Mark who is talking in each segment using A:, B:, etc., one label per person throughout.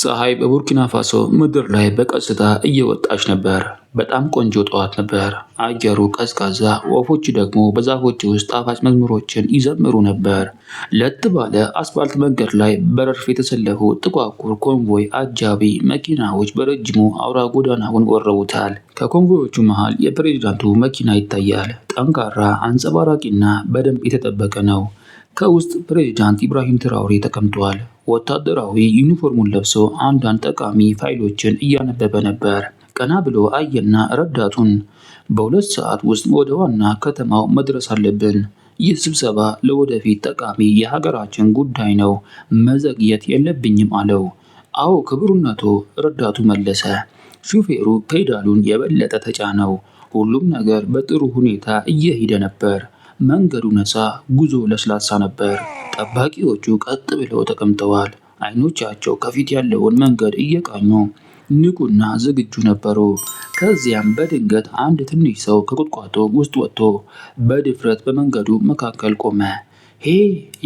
A: ፀሐይ በቡርኪና ፋሶ ምድር ላይ በቀስታ እየወጣች ነበር። በጣም ቆንጆ ጠዋት ነበር። አየሩ ቀዝቃዛ፣ ወፎች ደግሞ በዛፎች ውስጥ ጣፋጭ መዝሙሮችን ይዘምሩ ነበር። ለጥ ባለ አስፋልት መንገድ ላይ በረድፍ የተሰለፉ ጥቋቁር ኮንቮይ አጃቢ መኪናዎች በረጅሙ አውራ ጎዳናውን ወረቡታል። ከኮንቮዮቹ መሃል የፕሬዝዳንቱ መኪና ይታያል። ጠንካራ፣ አንጸባራቂና በደንብ የተጠበቀ ነው። ከውስጥ ፕሬዝዳንት ኢብራሂም ትራውሬ ተቀምጧል። ወታደራዊ ዩኒፎርሙን ለብሶ አንዳንድ ጠቃሚ ፋይሎችን እያነበበ ነበር። ቀና ብሎ አየና ረዳቱን በሁለት ሰዓት ውስጥ ወደ ዋና ከተማው መድረስ አለብን። ይህ ስብሰባ ለወደፊት ጠቃሚ የሀገራችን ጉዳይ ነው፣ መዘግየት የለብኝም አለው። አዎ ክቡርነቶ፣ ረዳቱ መለሰ። ሹፌሩ ፔዳሉን የበለጠ ተጫነው። ሁሉም ነገር በጥሩ ሁኔታ እየሄደ ነበር። መንገዱ ነፃ፣ ጉዞ ለስላሳ ነበር። ጠባቂዎቹ ቀጥ ብለው ተቀምጠዋል። አይኖቻቸው ከፊት ያለውን መንገድ እየቃኙ ንቁና ዝግጁ ነበሩ። ከዚያም በድንገት አንድ ትንሽ ሰው ከቁጥቋጦ ውስጥ ወጥቶ በድፍረት በመንገዱ መካከል ቆመ። ሄ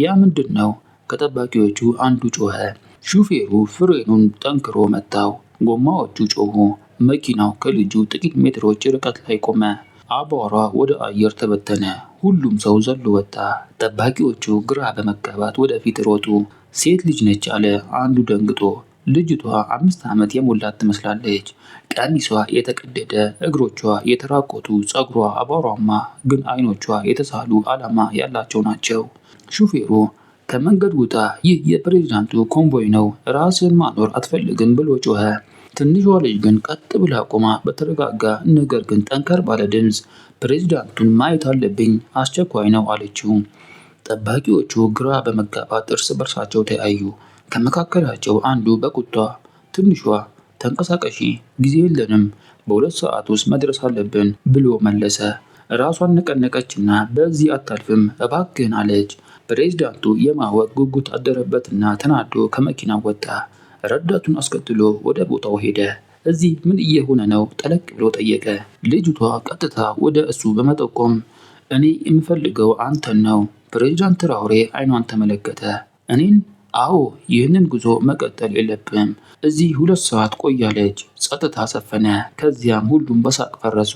A: ያ ምንድን ነው? ከጠባቂዎቹ አንዱ ጮኸ። ሹፌሩ ፍሬኑን ጠንክሮ መታው። ጎማዎቹ ጮኹ። መኪናው ከልጁ ጥቂት ሜትሮች ርቀት ላይ ቆመ። አቧራ ወደ አየር ተበተነ። ሁሉም ሰው ዘሎ ወጣ። ጠባቂዎቹ ግራ በመጋባት ወደፊት ሮጡ። ሴት ልጅ ነች አለ አንዱ ደንግጦ። ልጅቷ አምስት ዓመት የሞላት ትመስላለች። ቀሚሷ የተቀደደ፣ እግሮቿ የተራቆቱ፣ ፀጉሯ አቧሯማ ግን አይኖቿ የተሳሉ ዓላማ ያላቸው ናቸው። ሹፌሩ ከመንገድ ውጣ፣ ይህ የፕሬዝዳንቱ ኮንቮይ ነው፣ ራስን ማኖር አትፈልግም ብሎ ጮኸ። ትንሿ ልጅ ግን ቀጥ ብላ ቆማ በተረጋጋ ነገር ግን ጠንከር ባለ ድምፅ ፕሬዚዳንቱን ማየት አለብኝ፣ አስቸኳይ ነው አለችው። ጠባቂዎቹ ግራ በመጋባት እርስ በርሳቸው ተያዩ። ከመካከላቸው አንዱ በቁጣ ትንሿ ተንቀሳቀሺ፣ ጊዜ የለንም፣ በሁለት ሰዓት ውስጥ መድረስ አለብን ብሎ መለሰ። ራሷን ነቀነቀችና በዚህ አታልፍም እባክህን አለች። ፕሬዚዳንቱ የማወቅ ጉጉት አደረበትና ተናዶ ከመኪና ወጣ። ረዳቱን አስከትሎ ወደ ቦታው ሄደ። እዚህ ምን እየሆነ ነው? ጠለቅ ብሎ ጠየቀ። ልጅቷ ቀጥታ ወደ እሱ በመጠቆም እኔ የምፈልገው አንተን ነው። ፕሬዚዳንት ትራውሬ አይኗን ተመለከተ። እኔን? አዎ፣ ይህንን ጉዞ መቀጠል የለብም። እዚህ ሁለት ሰዓት ቆያለች። ጸጥታ ሰፈነ። ከዚያም ሁሉም በሳቅ ፈረሱ።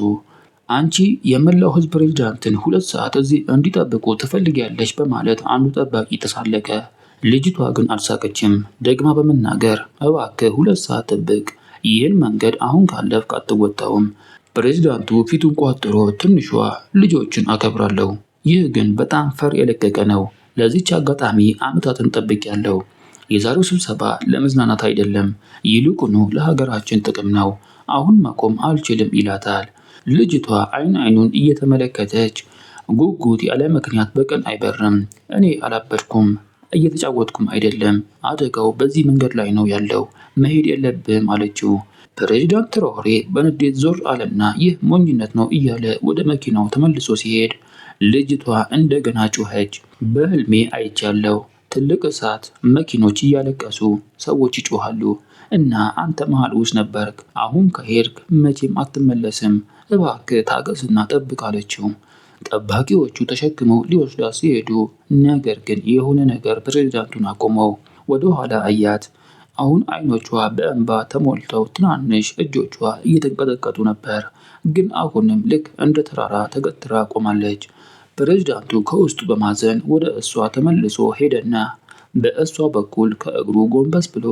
A: አንቺ የመላው ህዝብ ፕሬዚዳንትን ሁለት ሰዓት እዚህ እንዲጠብቁ ትፈልጊያለች በማለት አንዱ ጠባቂ ተሳለቀ። ልጅቷ ግን አልሳቀችም። ደግማ በመናገር እባክህ ሁለት ሰዓት ጥብቅ፣ ይህን መንገድ አሁን ካለፍክ አትወጣውም። ፕሬዚዳንቱ ፊቱን ቋጥሮ ትንሿ ልጆችን አከብራለሁ፣ ይህ ግን በጣም ፈር የለቀቀ ነው። ለዚች አጋጣሚ ዓመታትን ጠብቄያለሁ። የዛሬው ስብሰባ ለመዝናናት አይደለም፣ ይልቁኑ ለሀገራችን ጥቅም ነው። አሁን መቆም አልችልም ይላታል። ልጅቷ አይን አይኑን እየተመለከተች ጉጉት ያለ ምክንያት በቀን አይበርም። እኔ አላበድኩም እየተጫወትኩም አይደለም፣ አደጋው በዚህ መንገድ ላይ ነው ያለው፣ መሄድ የለብም አለችው። ፕሬዚዳንት ትራኦሬ በንዴት ዞር አለና ይህ ሞኝነት ነው እያለ ወደ መኪናው ተመልሶ ሲሄድ ልጅቷ እንደገና ጩኸች። በህልሜ አይቻለሁ። ትልቅ እሳት፣ መኪኖች እያለቀሱ፣ ሰዎች ይጮሃሉ እና አንተ መሃል ውስጥ ነበርክ። አሁን ከሄድክ መቼም አትመለስም። እባክህ ታገስና ጠብቅ አለችው። ጠባቂዎቹ ተሸክመው ሊወስዷት ሲሄዱ፣ ነገር ግን የሆነ ነገር ፕሬዚዳንቱን አቆመው። ወደ ኋላ አያት። አሁን አይኖቿ በእንባ ተሞልተው ትናንሽ እጆቿ እየተንቀጠቀጡ ነበር፣ ግን አሁንም ልክ እንደ ተራራ ተገትራ ቆማለች። ፕሬዚዳንቱ ከውስጡ በማዘን ወደ እሷ ተመልሶ ሄደና በእሷ በኩል ከእግሩ ጎንበስ ብሎ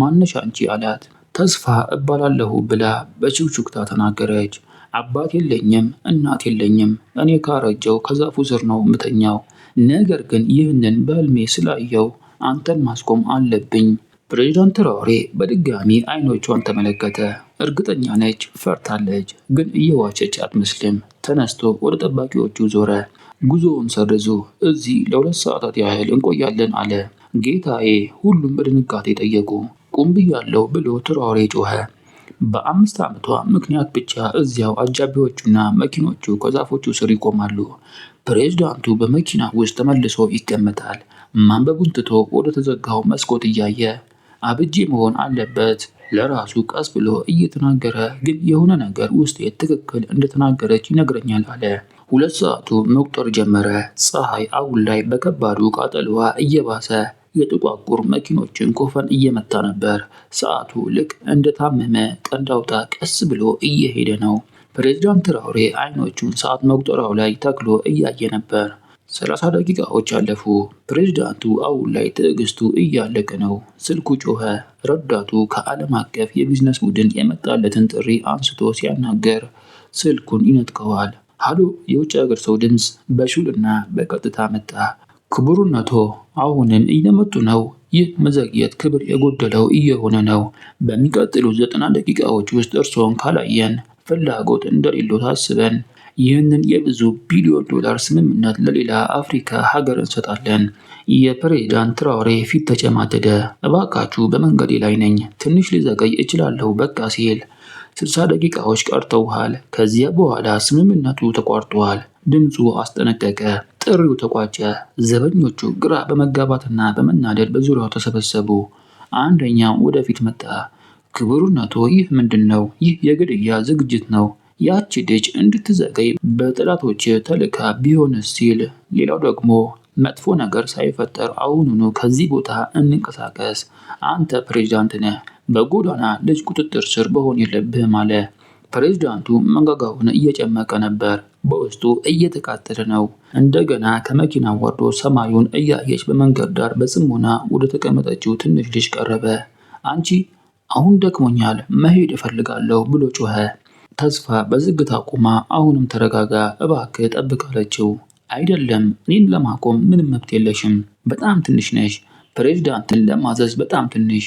A: ማነሻንቺ አላት። ተስፋ እባላለሁ ብላ በችክችክታ ተናገረች። አባት የለኝም፣ እናት የለኝም። እኔ ካረጀው ከዛፉ ስር ነው ምተኛው። ነገር ግን ይህንን በህልሜ ስላየው አንተን ማስቆም አለብኝ። ፕሬዚዳንት ትራውሬ በድጋሚ አይኖቿን ተመለከተ። እርግጠኛ ነች፣ ፈርታለች፣ ግን እየዋቸች አትመስልም። ተነስቶ ወደ ጠባቂዎቹ ዞረ። ጉዞውን ሰርዙ፣ እዚህ ለሁለት ሰዓታት ያህል እንቆያለን አለ። ጌታዬ! ሁሉም በድንጋጤ ጠየቁ። ቁም ብያለሁ ብሎ ትራውሬ ጮኸ። በአምስት ዓመቷ ምክንያት ብቻ እዚያው አጃቢዎቹና መኪኖቹ ከዛፎቹ ስር ይቆማሉ። ፕሬዝዳንቱ በመኪና ውስጥ ተመልሶ ይቀመጣል። ማንበቡን ትቶ ወደ ተዘጋው መስኮት እያየ አብጄ መሆን አለበት ለራሱ ቀስ ብሎ እየተናገረ ግን የሆነ ነገር ውስጤ ትክክል እንደተናገረች ይነግረኛል አለ። ሁለት ሰዓቱ መቁጠር ጀመረ። ፀሐይ አሁን ላይ በከባዱ ቃጠልዋ እየባሰ የጥቋቁር መኪኖችን ኮፈን እየመታ ነበር። ሰዓቱ ልክ እንደታመመ ቀንድ አውጣ ቀስ ብሎ እየሄደ ነው። ፕሬዚዳንት ትራውሬ አይኖቹን ሰዓት መቁጠሪያው ላይ ተክሎ እያየ ነበር። ሰላሳ ደቂቃዎች አለፉ። ፕሬዚዳንቱ አሁን ላይ ትዕግስቱ እያለቀ ነው። ስልኩ ጮኸ። ረዳቱ ከዓለም አቀፍ የቢዝነስ ቡድን የመጣለትን ጥሪ አንስቶ ሲያናገር ስልኩን ይነጥቀዋል። ሃሎ የውጭ ሀገር ሰው ድምፅ በሹልና በቀጥታ መጣ። ክቡርነቶ አሁንም እየመጡ ነው። ይህ መዘግየት ክብር የጎደለው እየሆነ ነው። በሚቀጥሉት ዘጠና ደቂቃዎች ውስጥ እርስዎን ካላየን ፍላጎት እንደሌለው አስበን ይህንን የብዙ ቢሊዮን ዶላር ስምምነት ለሌላ አፍሪካ ሀገር እንሰጣለን። የፕሬዝዳንት ትራውሬ ፊት ተጨማደደ። እባካችሁ በመንገዴ ላይ ነኝ፣ ትንሽ ልዘገይ እችላለሁ በቃ ሲል ስልሳ ደቂቃዎች ቀርተውሃል። ከዚያ በኋላ ስምምነቱ ተቋርጧል። ድምፁ አስጠነቀቀ። ጥሪው ተቋጨ። ዘበኞቹ ግራ በመጋባትና በመናደድ በዙሪያው ተሰበሰቡ። አንደኛው ወደፊት መጣ። ክቡርነቶ፣ ይህ ምንድን ነው? ይህ የግድያ ዝግጅት ነው። ያቺ ልጅ እንድትዘገይ በጠላቶች ተልካ ቢሆንስ ሲል፣ ሌላው ደግሞ መጥፎ ነገር ሳይፈጠር አሁኑኑ ከዚህ ቦታ እንንቀሳቀስ። አንተ ፕሬዚዳንት ነህ። በጎዳና ልጅ ቁጥጥር ስር መሆን የለብህም አለ። ፕሬዚዳንቱ መንጋጋውን እየጨመቀ ነበር። በውስጡ እየተቃጠለ ነው። እንደገና ከመኪና ወርዶ ሰማዩን እያየች በመንገድ ዳር በጽሞና ወደ ተቀመጠችው ትንሽ ልጅ ቀረበ። አንቺ አሁን ደክሞኛል፣ መሄድ እፈልጋለሁ ብሎ ጮኸ። ተስፋ በዝግታ ቆማ አሁንም ተረጋጋ፣ እባክህ ጠብቃለችው። አይደለም እኔን ለማቆም ምንም መብት የለሽም፣ በጣም ትንሽ ነሽ። ፕሬዚዳንትን ለማዘዝ በጣም ትንሽ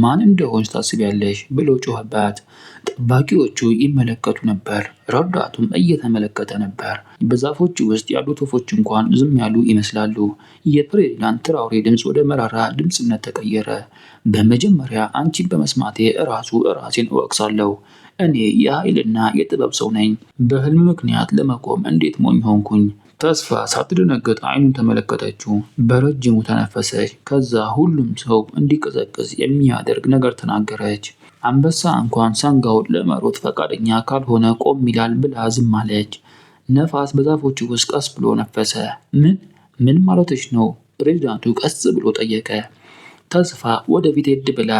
A: ማን እንደሆንሽ ታስቢያለሽ? ብሎ ጮኸባት። ጠባቂዎቹ ይመለከቱ ነበር፣ ረዳቱም እየተመለከተ ነበር። በዛፎቹ ውስጥ ያሉት ወፎች እንኳን ዝም ያሉ ይመስላሉ። የፕሬዚዳንት ትራውሬ ድምፅ ወደ መራራ ድምፅነት ተቀየረ። በመጀመሪያ አንቺን በመስማቴ እራሱ እራሴን እወቅሳለሁ። እኔ የኃይልና የጥበብ ሰው ነኝ። በህልም ምክንያት ለመቆም እንዴት ሞኝ ሆንኩኝ? ተስፋ ሳትደነግጥ አይኑን ተመለከተችው። በረጅሙ ተነፈሰች። ከዛ ሁሉም ሰው እንዲቀዘቅዝ የሚያደርግ ነገር ተናገረች። አንበሳ እንኳን ሰንጋውን ለመሮጥ ፈቃደኛ ካልሆነ ቆም ይላል ብላ ዝም አለች። ነፋስ በዛፎቹ ውስጥ ቀስ ብሎ ነፈሰ። ምን ምን ማለቶች ነው? ፕሬዚዳንቱ ቀስ ብሎ ጠየቀ። ተስፋ ወደፊት ሄድ ብላ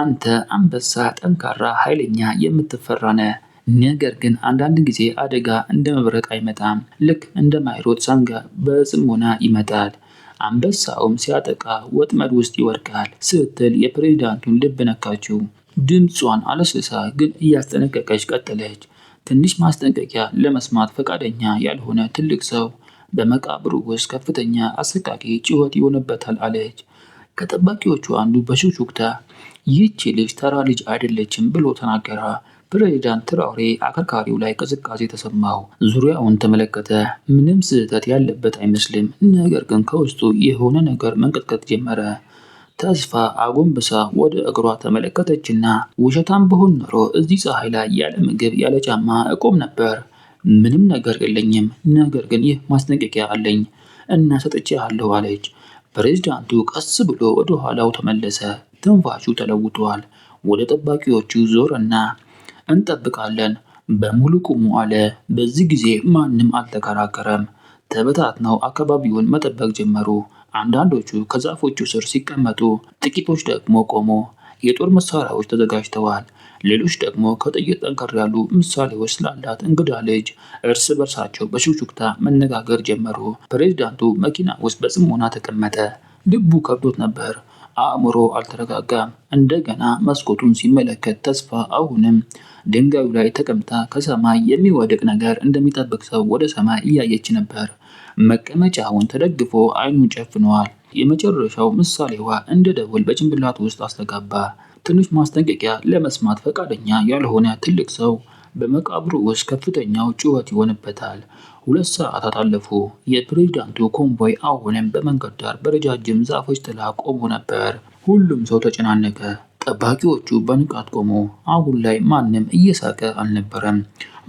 A: አንተ አንበሳ፣ ጠንካራ፣ ኃይለኛ፣ የምትፈራ ነህ ነገር ግን አንዳንድ ጊዜ አደጋ እንደ መብረቅ አይመጣም፣ ልክ እንደማይሮጥ ሰንጋ በጽሞና ይመጣል። አንበሳውም ሲያጠቃ ወጥመድ ውስጥ ይወድቃል ስትል የፕሬዚዳንቱን ልብ ነካችው። ድምጿን አለስልሳ ግን እያስጠነቀቀች ቀጠለች። ትንሽ ማስጠንቀቂያ ለመስማት ፈቃደኛ ያልሆነ ትልቅ ሰው በመቃብሩ ውስጥ ከፍተኛ አሰቃቂ ጩኸት ይሆንበታል አለች። ከጠባቂዎቹ አንዱ በሹክሹክታ ይህቺ ልጅ ተራ ልጅ አይደለችም ብሎ ተናገራ። ፕሬዚዳንት ትራውሬ አከርካሪው ላይ ቅዝቃዜ ተሰማው። ዙሪያውን ተመለከተ። ምንም ስህተት ያለበት አይመስልም። ነገር ግን ከውስጡ የሆነ ነገር መንቀጥቀጥ ጀመረ። ተስፋ አጎንብሳ ወደ እግሯ ተመለከተችና ውሸታም በሆን ኖሮ እዚህ ፀሐይ ላይ ያለ ምግብ ያለ ጫማ እቆም ነበር። ምንም ነገር የለኝም፣ ነገር ግን ይህ ማስጠንቀቂያ አለኝ እና ሰጥቼሃለሁ አለች። ፕሬዚዳንቱ ቀስ ብሎ ወደ ኋላው ተመለሰ። ትንፋሹ ተለውጧል። ወደ ጠባቂዎቹ ዞረና እንጠብቃለን። በሙሉ ቁሙ አለ። በዚህ ጊዜ ማንም አልተከራከረም። ተበታትነው አካባቢውን መጠበቅ ጀመሩ። አንዳንዶቹ ከዛፎቹ ስር ሲቀመጡ፣ ጥቂቶች ደግሞ ቆሞ የጦር መሳሪያዎች ተዘጋጅተዋል። ሌሎች ደግሞ ከጥይት ጠንከር ያሉ ምሳሌዎች ስላላት እንግዳ ልጅ እርስ በርሳቸው በሹክሹክታ መነጋገር ጀመሩ። ፕሬዚዳንቱ መኪና ውስጥ በጽሞና ተቀመጠ። ልቡ ከብዶት ነበር። አእምሮ አልተረጋጋም። እንደገና መስኮቱን ሲመለከት ተስፋ አሁንም ድንጋዩ ላይ ተቀምጣ ከሰማይ የሚወድቅ ነገር እንደሚጠብቅ ሰው ወደ ሰማይ እያየች ነበር። መቀመጫውን ተደግፎ አይኑን ጨፍነዋል። የመጨረሻው ምሳሌዋ እንደ ደወል በጭንቅላቱ ውስጥ አስተጋባ። ትንሽ ማስጠንቀቂያ ለመስማት ፈቃደኛ ያልሆነ ትልቅ ሰው በመቃብሩ ውስጥ ከፍተኛው ጩኸት ይሆንበታል። ሁለት ሰዓታት አለፉ። የፕሬዝዳንቱ ኮንቮይ አሁንም በመንገድ ዳር በረጃጅም ዛፎች ጥላ ቆሞ ነበር። ሁሉም ሰው ተጨናነቀ። ጠባቂዎቹ በንቃት ቆሙ። አሁን ላይ ማንም እየሳቀ አልነበረም።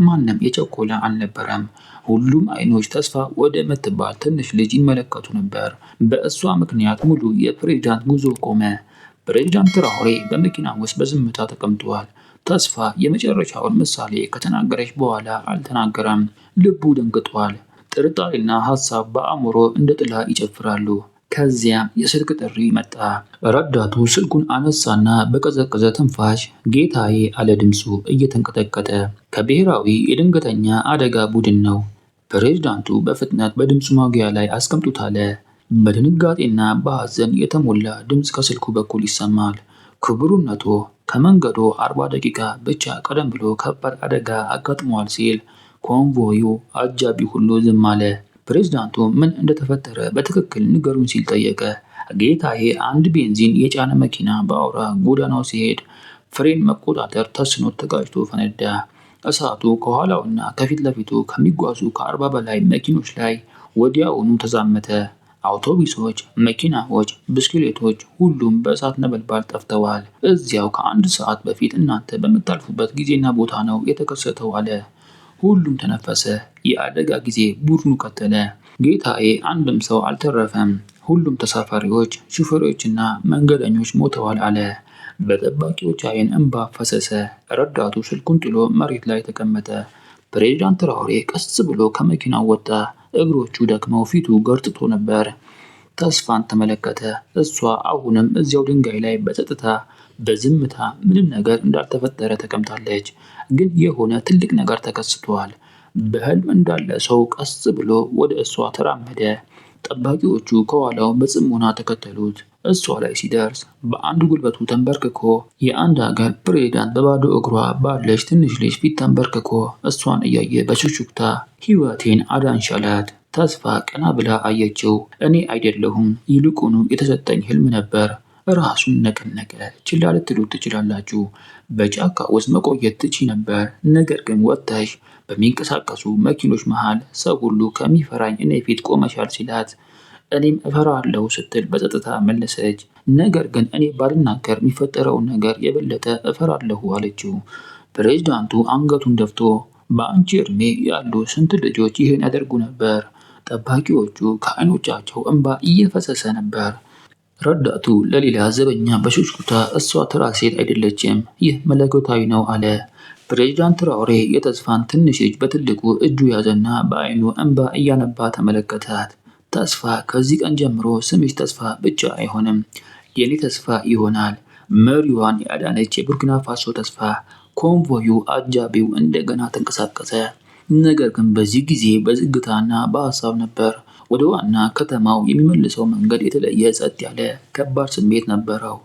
A: ማንም የቸኮለ አልነበረም። ሁሉም አይኖች ተስፋ ወደ ምትባል ትንሽ ልጅ ይመለከቱ ነበር። በእሷ ምክንያት ሙሉ የፕሬዝዳንት ጉዞ ቆመ። ፕሬዝዳንት ትራኦሬ በመኪና ውስጥ በዝምታ ተቀምጠዋል። ተስፋ የመጨረሻውን ምሳሌ ከተናገረች በኋላ አልተናገረም። ልቡ ደንግጧል። ጥርጣሬና ሀሳብ በአእምሮ እንደ ጥላ ይጨፍራሉ። ከዚያም የስልክ ጥሪ መጣ። ረዳቱ ስልኩን አነሳና በቀዘቀዘ ትንፋሽ ጌታዬ አለ ድምፁ እየተንቀጠቀጠ። ከብሔራዊ የድንገተኛ አደጋ ቡድን ነው። ፕሬዝዳንቱ በፍጥነት በድምፁ ማጉያ ላይ አስቀምጡት አለ። በድንጋጤና በሐዘን የተሞላ ድምፅ ከስልኩ በኩል ይሰማል። ክቡሩን ከመንገዱ 40 ደቂቃ ብቻ ቀደም ብሎ ከባድ አደጋ አጋጥሟል ሲል ኮንቮዩ አጃቢ ሁሉ ዝም አለ። ፕሬዝዳንቱ ምን እንደተፈጠረ በትክክል ንገሩን ሲል ጠየቀ። ጌታዬ፣ አንድ ቤንዚን የጫነ መኪና በአውራ ጎዳናው ሲሄድ ፍሬን መቆጣጠር ተስኖት ተጋጭቶ ፈነዳ። እሳቱ ከኋላውና ከፊት ለፊቱ ከሚጓዙ ከአርባ በላይ መኪኖች ላይ ወዲያውኑ ተዛመተ። አውቶቡሶች፣ መኪናዎች፣ ብስክሌቶች ሁሉም በእሳት ነበልባል ጠፍተዋል። እዚያው ከአንድ ሰዓት በፊት እናንተ በምታልፉበት ጊዜና ቦታ ነው የተከሰተው አለ። ሁሉም ተነፈሰ። የአደጋ ጊዜ ቡድኑ ቀጠለ፣ ጌታዬ፣ አንድም ሰው አልተረፈም። ሁሉም ተሳፋሪዎች፣ ሹፌሮችና መንገደኞች ሞተዋል አለ። በጠባቂዎች አይን እንባ ፈሰሰ። ረዳቱ ስልኩን ጥሎ መሬት ላይ ተቀመጠ። ፕሬዚዳንት ትራኦሬ ቀስ ብሎ ከመኪናው ወጣ። እግሮቹ ደክመው ፊቱ ገርጥቶ ነበር። ተስፋን ተመለከተ። እሷ አሁንም እዚያው ድንጋይ ላይ በጸጥታ በዝምታ ምንም ነገር እንዳልተፈጠረ ተቀምጣለች። ግን የሆነ ትልቅ ነገር ተከስቷል። በህልም እንዳለ ሰው ቀስ ብሎ ወደ እሷ ተራመደ። ጠባቂዎቹ ከኋላው በጽሞና ተከተሉት። እሷ ላይ ሲደርስ በአንድ ጉልበቱ ተንበርክኮ የአንድ ሀገር ፕሬዝዳንት በባዶ እግሯ ባለች ትንሽ ልጅ ፊት ተንበርክኮ እሷን እያየ በሹክሹክታ ሕይወቴን አዳንሻላት። ተስፋ ቀና ብላ አየችው። እኔ አይደለሁም ይልቁኑ የተሰጠኝ ህልም ነበር። ራሱን ነቀነቀ። ችላ ልትሉ ትችላላችሁ። በጫካ ውስጥ መቆየት ትቺ ነበር። ነገር ግን ወጥተሽ በሚንቀሳቀሱ መኪኖች መሃል ሰው ሁሉ ከሚፈራኝ እኔ ፊት ቆመሻል ሲላት እኔም እፈራለሁ ስትል በጸጥታ መለሰች። ነገር ግን እኔ ባልናገር የሚፈጠረውን ነገር የበለጠ እፈራለሁ አለችው። ፕሬዝዳንቱ አንገቱን ደፍቶ በአንቺ እድሜ ያሉ ስንት ልጆች ይህን ያደርጉ ነበር? ጠባቂዎቹ ከአይኖቻቸው እንባ እየፈሰሰ ነበር። ረዳቱ ለሌላ ዘበኛ በሽሽኩታ እሷ ተራ ሴት አይደለችም፣ ይህ መለኮታዊ ነው አለ። ፕሬዚዳንት ራውሬ የተስፋን ትንሽ ልጅ በትልቁ እጁ ያዘና በአይኑ እንባ እያነባ ተመለከታት። ተስፋ ከዚህ ቀን ጀምሮ ስምሽ ተስፋ ብቻ አይሆንም፣ የኔ ተስፋ ይሆናል። መሪዋን ያዳነች የቡርኪና ፋሶ ተስፋ። ኮንቮዩ አጃቢው እንደገና ተንቀሳቀሰ። ነገር ግን በዚህ ጊዜ በዝግታና በሀሳብ ነበር። ወደ ዋና ከተማው የሚመልሰው መንገድ የተለየ ጸጥ ያለ ከባድ ስሜት ነበረው።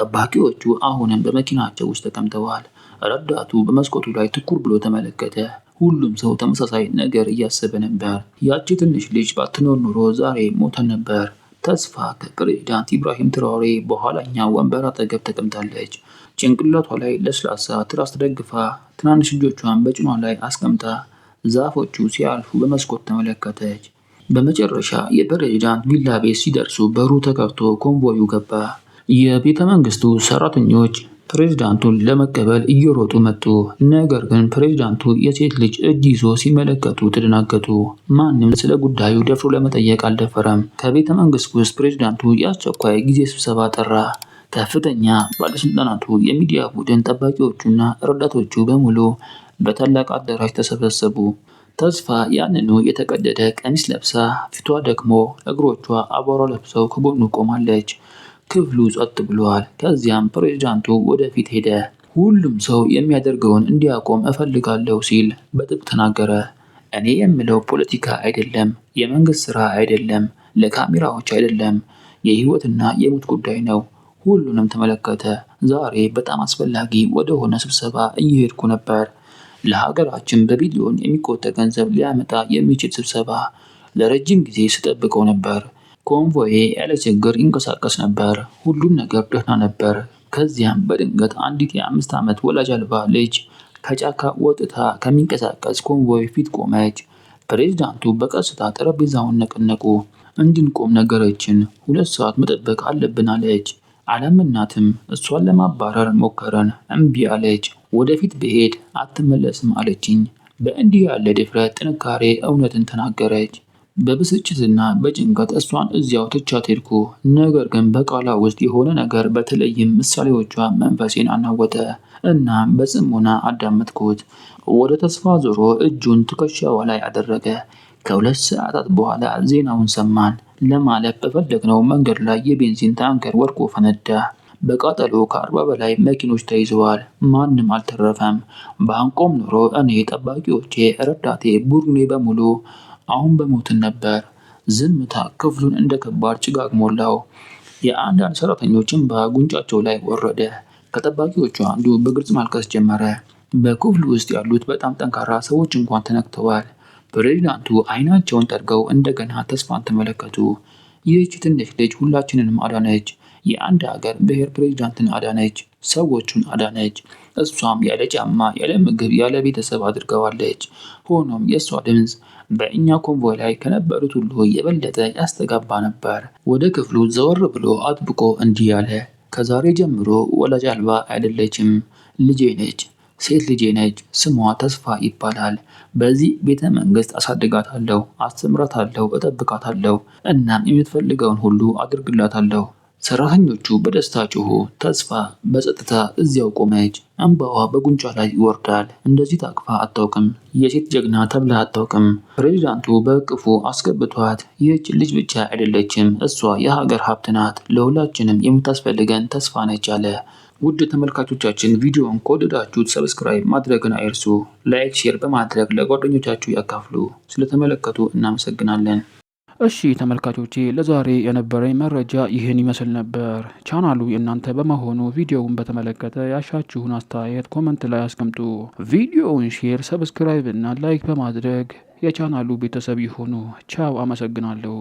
A: ጠባቂዎቹ አሁንም በመኪናቸው ውስጥ ተቀምጠዋል። ረዳቱ በመስኮቱ ላይ ትኩር ብሎ ተመለከተ። ሁሉም ሰው ተመሳሳይ ነገር እያሰበ ነበር። ያቺ ትንሽ ልጅ ባትኖር ኑሮ ዛሬ ሞተ ነበር። ተስፋ ከፕሬዚዳንት ኢብራሂም ትራኦሬ በኋላኛ ወንበር አጠገብ ተቀምጣለች። ጭንቅላቷ ላይ ለስላሳ ትራስ ተደግፋ ትናንሽ እጆቿን በጭኗ ላይ አስቀምጣ ዛፎቹ ሲያልፉ በመስኮት ተመለከተች። በመጨረሻ የፕሬዚዳንት ቪላ ቤት ሲደርሱ በሩ ተከፍቶ ኮንቮዩ ገባ። የቤተ መንግስቱ ሰራተኞች ፕሬዝዳንቱን ለመቀበል እየሮጡ መጡ። ነገር ግን ፕሬዝዳንቱ የሴት ልጅ እጅ ይዞ ሲመለከቱ ተደናገጡ። ማንም ስለ ጉዳዩ ደፍሮ ለመጠየቅ አልደፈረም። ከቤተ መንግስት ውስጥ ፕሬዝዳንቱ የአስቸኳይ ጊዜ ስብሰባ ጠራ። ከፍተኛ ባለስልጣናቱ፣ የሚዲያ ቡድን ጠባቂዎቹና ረዳቶቹ በሙሉ በታላቅ አዳራሽ ተሰበሰቡ። ተስፋ ያንኑ የተቀደደ ቀሚስ ለብሳ ፊቷ ደግሞ እግሮቿ አቧራ ለብሰው ከጎኑ ቆማለች። ክፍሉ ጸጥ ብሏል። ከዚያም ፕሬዚዳንቱ ወደፊት ሄደ። ሁሉም ሰው የሚያደርገውን እንዲያቆም እፈልጋለሁ ሲል በጥብቅ ተናገረ። እኔ የምለው ፖለቲካ አይደለም፣ የመንግስት ስራ አይደለም፣ ለካሜራዎች አይደለም፣ የህይወትና የሞት ጉዳይ ነው። ሁሉንም ተመለከተ። ዛሬ በጣም አስፈላጊ ወደሆነ ስብሰባ እየሄድኩ ነበር። ለሀገራችን በቢሊዮን የሚቆጠር ገንዘብ ሊያመጣ የሚችል ስብሰባ። ለረጅም ጊዜ ስጠብቀው ነበር። ኮንቮዬ ያለ ችግር ይንቀሳቀስ ነበር። ሁሉም ነገር ደህና ነበር። ከዚያም በድንገት አንዲት የአምስት ዓመት ወላጅ አልባ ልጅ ከጫካ ወጥታ ከሚንቀሳቀስ ኮንቮይ ፊት ቆመች። ፕሬዝዳንቱ በቀስታ ጠረጴዛውን ነቀነቁ። እንድንቆም ነገረችን። ሁለት ሰዓት መጠበቅ አለብን አለች። አላመናትም። እሷን ለማባረር ሞከረን። እምቢ አለች። ወደፊት ብሄድ አትመለስም አለችኝ። በእንዲህ ያለ ድፍረት ጥንካሬ እውነትን ተናገረች። በብስጭትና በጭንቀት እሷን እዚያው ትቻት ሄድኩ። ነገር ግን በቃሏ ውስጥ የሆነ ነገር በተለይም ምሳሌዎቿ መንፈሴን አናወጠ እና በጽሞና አዳመጥኩት። ወደ ተስፋ ዞሮ እጁን ትከሻዋ ላይ አደረገ። ከሁለት ሰዓታት በኋላ ዜናውን ሰማን። ለማለፍ በፈለግነው መንገድ ላይ የቤንዚን ታንከር ወድቆ ፈነዳ። በቃጠሎ ከአርባ በላይ መኪኖች ተይዘዋል። ማንም አልተረፈም። በአንቆም ኖሮ እኔ፣ ጠባቂዎቼ፣ ረዳቴ፣ ቡድኔ በሙሉ አሁን በሞትን ነበር። ዝምታ ክፍሉን እንደ ከባድ ጭጋግ ሞላው። የአንዳንድ ሰራተኞችን በጉንጫቸው ላይ ወረደ። ከጠባቂዎቹ አንዱ በግልጽ ማልቀስ ጀመረ። በክፍሉ ውስጥ ያሉት በጣም ጠንካራ ሰዎች እንኳን ተነክተዋል። ፕሬዚዳንቱ አይናቸውን ጠርገው እንደገና ተስፋን ተመለከቱ። ይህች ትንሽ ልጅ ሁላችንንም አዳነች። የአንድ ሀገር ብሔር ፕሬዚዳንትን አዳነች፣ ሰዎቹን አዳነች። እሷም ያለ ጫማ፣ ያለ ምግብ፣ ያለ ቤተሰብ አድርገዋለች። ሆኖም የእሷ ድምፅ በእኛ ኮንቮይ ላይ ከነበሩት ሁሉ የበለጠ ያስተጋባ ነበር። ወደ ክፍሉ ዘወር ብሎ አጥብቆ እንዲህ አለ። ከዛሬ ጀምሮ ወላጅ አልባ አይደለችም፣ ልጄ ነች። ሴት ልጄ ነች። ስሟ ተስፋ ይባላል። በዚህ ቤተ መንግስት አሳድጋታለሁ፣ አስተምራታለሁ፣ እጠብቃታለሁ። እናም የምትፈልገውን ሁሉ አድርግላታለሁ። ሰራተኞቹ በደስታ ጮሁ። ተስፋ በጸጥታ እዚያው ቆመች። እንባዋ በጉንጯ ላይ ይወርዳል። እንደዚህ ታቅፋ አታውቅም፣ የሴት ጀግና ተብላ አታውቅም። ፕሬዚዳንቱ በእቅፉ አስገብቷት፣ ይህች ልጅ ብቻ አይደለችም፣ እሷ የሀገር ሀብት ናት፣ ለሁላችንም የምታስፈልገን ተስፋ ነች አለ። ውድ ተመልካቾቻችን ቪዲዮን ከወደዳችሁት ሰብስክራይብ ማድረግን አይርሱ። ላይክ፣ ሼር በማድረግ ለጓደኞቻችሁ ያካፍሉ። ስለተመለከቱ እናመሰግናለን።
B: እሺ ተመልካቾቼ ለዛሬ የነበረኝ መረጃ ይህን ይመስል ነበር። ቻናሉ የእናንተ በመሆኑ ቪዲዮውን በተመለከተ ያሻችሁን አስተያየት ኮመንት ላይ አስቀምጡ። ቪዲዮውን ሼር፣ ሰብስክራይብ እና ላይክ በማድረግ የቻናሉ ቤተሰብ ይሁኑ። ቻው፣ አመሰግናለሁ።